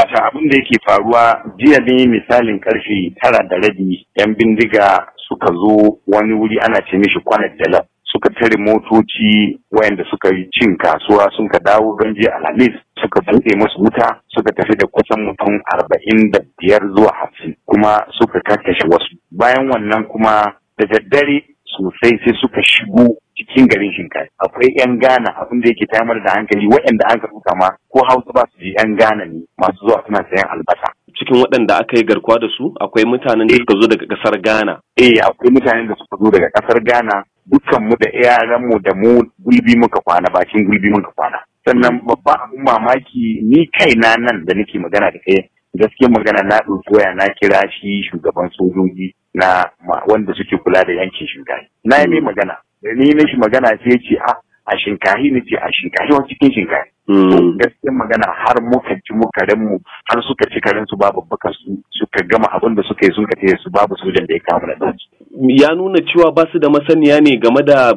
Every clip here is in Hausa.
wata abin da yake faruwa jiya ne misalin karfe tara da rabi yan bindiga suka zo wani wuri ana ce mishi kwanar jalab suka tare motoci wayanda suka yi cin kasuwa sun ka dawo don jiya alhamis suka buɗe musu wuta suka tafi da kusan mutum arba'in da biyar zuwa hamsin kuma suka kakkashe wasu bayan wannan kuma da daddare sosai sai suka shigo cikin garin shinkai akwai yan gana abin da yake tayar da hankali waɗanda an karɓi kama ko Hausa ba su je yan gana ne masu zuwa suna sayan albasa cikin waɗanda aka yi garkuwa da su akwai mutanen da eh. suka zo daga ƙasar Ghana eh akwai mutanen da suka zo daga ƙasar Ghana dukkan mu da yaran mu da mu gulbi muka kwana bakin gulbi muka kwana sannan babban abin mamaki ni kaina nan da nake magana da kai gaskiya magana na ɗauki waya na kira shi shugaban sojoji na wanda suke kula da yankin shugayi na yi mm. magana da ni na shi magana sai ce a ah, a shinkahi ne ce a shinkahi wani cikin shinkahi hmm. gaskiyar magana har muka ci muka mu har suka ci karin su babu baka suka gama abin da suka yi sun kace su babu sojan da ya kama da daji ya nuna cewa ba su da masaniya ne game da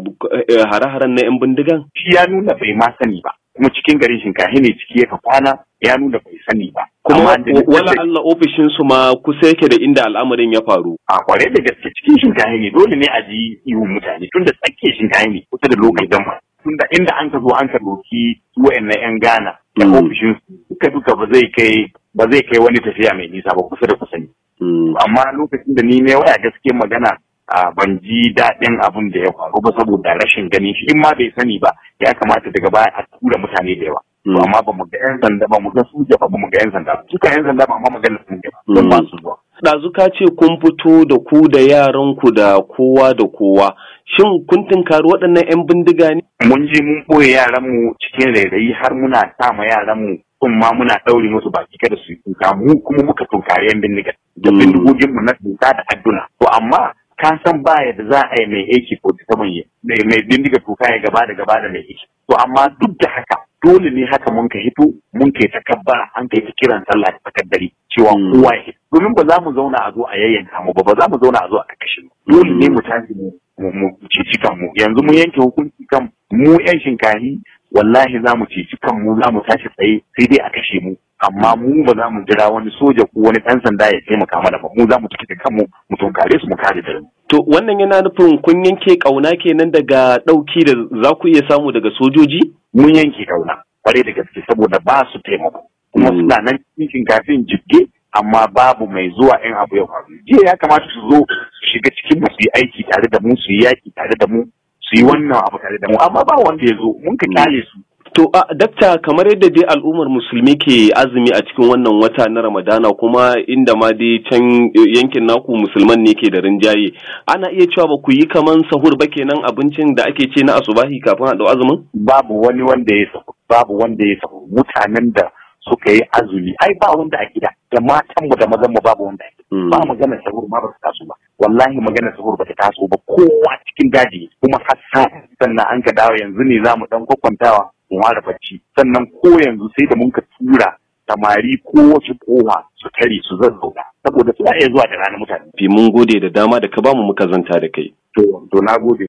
eh, hare-haren na yan bindigan shi ya nuna bai ma sani ba kuma cikin garin shinkahi ne ciki ya kwana ya nuna bai sani ba kuma wala Allah ofishin su ma kusa yake da inda al'amarin ya faru a kware da gaske cikin shinkaya ne dole ne a ji iwu mutane tunda tsakke shinkaye ne kusa da lokacin tun tunda inda an ka zo an ka doki wa'annan yan gana da hmm. ofishin su duka duka ba zai kai wani tafiya mai nisa ba kusa da kusa ne hmm. amma lokacin da ni ne waya gaske magana a ban ji daɗin abin da ya faru ba saboda rashin ganin shi in ma bai sani ba ya kamata daga baya a tura mutane da yawa to hmm. amma ba mu ga yan sanda ba mu ga su ba mu ga yan sanda ba suka yan sanda ba amma magana sun ga don ba hmm. su zuwa ɗazu ka ce kun fito da ku da yaran ku da kowa da kowa shin kun tunkari waɗannan yan bindiga ne mun je mun boye yaran mu cikin rairayi har muna sa ma yaran mu kun ma muna ɗaure musu baki kada su yi kuka mu kuma muka tunkari yan bindiga da hmm. bindigogin mu na duka da adduna to amma ka san ba yadda za a yi mai aiki ko ta mai bindiga tuka ya gaba da gaba da mai aiki to amma duk da haka dole ne haka mun ka hito mun kai takabba an kai kiran sallah da takaddari cewa mm. kowa ya domin ba za mu zauna a zo a yayyanka mu ba ba za mu zauna a zo a kakashin mu dole ne mu tashi mu mu cici mu. yanzu mun yanke hukunci kan mu yan shinkahi wallahi za mu cici kanmu za mu tashi tsaye sai dai a kashe mu amma mu ba za mu jira wani soja ko wani ɗan sanda ya taimaka mana ba mu za mu tafi da kanmu mu tunkare su mu kare da mu To wannan yana nufin kun yanke ƙauna kenan daga ɗauki da za ku iya samu daga sojoji? Mun yanke ƙauna kwarai da gaske saboda ba su taimako. Kuma hmm. suna nan cikin kafin jirge amma babu mai zuwa in abu ya faru. Jiya ya kamata su zo su shiga cikin mu su yi aiki tare da mu su yi yaƙi tare da mu su yi wannan abu tare da mu amma ba wanda ya zo mun ka kyale su To a dakta kamar yadda dai al'ummar musulmi ke azumi a cikin wannan wata na Ramadana kuma inda ma dai can eh, yankin naku musulman ne ke da rinjaye ana iya cewa ba ku yi kaman sahur ba kenan abincin da ake ce na asubahi kafin a dau azumin? Babu wani wanda ya sahur babu wanda ya sahur mutanen da suka yi azumi ai ba wanda a gida da matan mu da mazan mu babu wanda hmm. ba magana sahur ma ba ta taso ba wallahi magana sahur ba ta taso ba kowa cikin daji kuma har sannan an ka dawo yanzu ne zamu dan kwakwantawa in ware bacci sannan ko yanzu sai da mun ka tura samari ko wasu kowa su tare su zazzauna saboda suna iya zuwa da rana mutane. Fi mun gode da dama da ka bamu muka zanta da kai. To, to na gode.